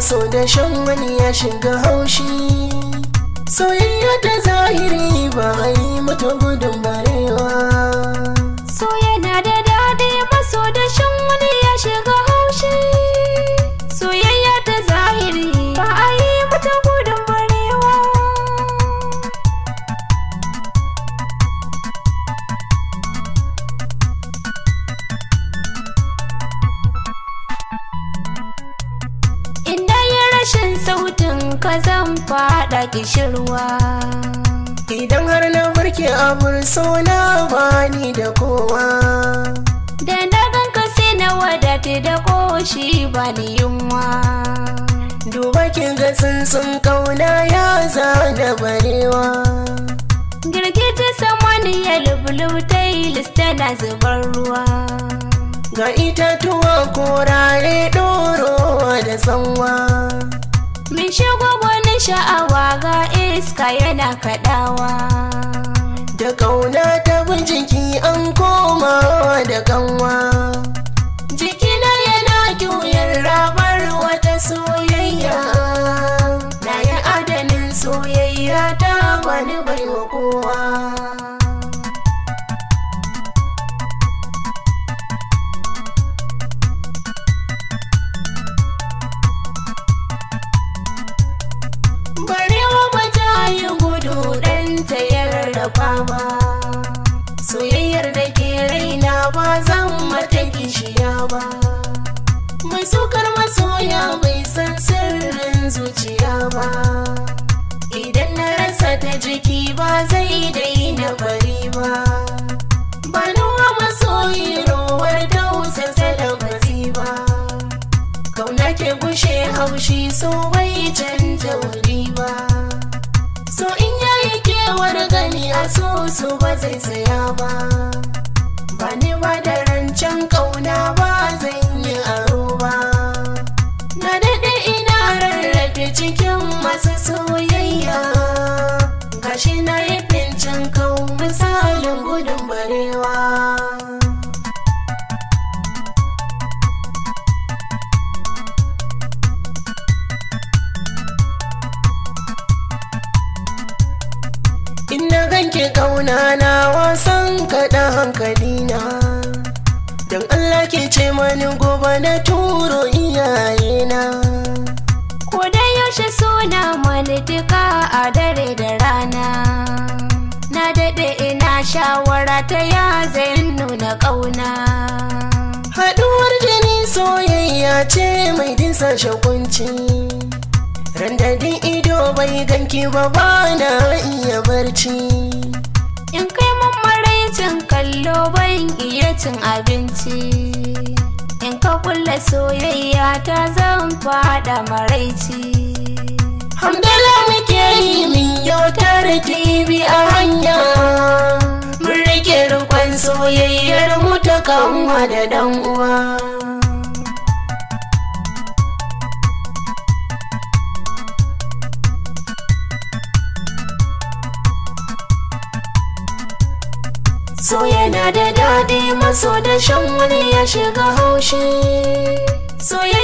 so da shan wani ya shiga haushi soyayya ta zahiri ba a yi mata gudun barewa sautin ka zan faɗa kishirwa idan har na farke abin sona bani da kowa da na ka sai na wadata da koshi bani yunwa duba kin ga sun kauna ya zana barewa girgije samaniyar lista na zubar ruwa ga itatuwa korare ɗorowa da sanwa Mai na sha'awa ga iska yana kaɗawa. Da ƙauna ta bin jiki an koma da kanwa. Jikina yana kyuyar rabar wata soyayya. Na yi adanin soyayya ta wani baiwa kowa. kwama soyayyar da ke raina ba zan mata kishiya ba mai sukar masoya bai san sirrin zuciya ba idan na rasa ta jiki ba zai daina bari ba ba nawa da ba kauna gushe haushi so bai canja wuri ba kyakkyawar gani a so su ba zai saya ba ba ni ba da rancen kauna ba zai yi aro ba na daɗe ina rarrafe cikin masu soyayya gashi na yi fincin kau misalin gudun barewa kauna na wasan kaɗa hankali na don Allah ke ce mani gobe na turo iyaye na ko da yaushe suna malitika a dare da rana na daɗe ina shawara ta ya zai nuna ƙauna haɗuwar jini soyayya ce mai dinsa shakunci randadin ido bai ganki ba ba na iya barci in kai mun maraicin kallo ban iya cin abinci in ka kulla soyayya ta zan fada maraici hamdala muke yi min yau tare tibi a hanya mun rike rikon soyayyar mu ta kanwa da dan uwa so yana da daɗi maso da shan wani ya shiga haushi so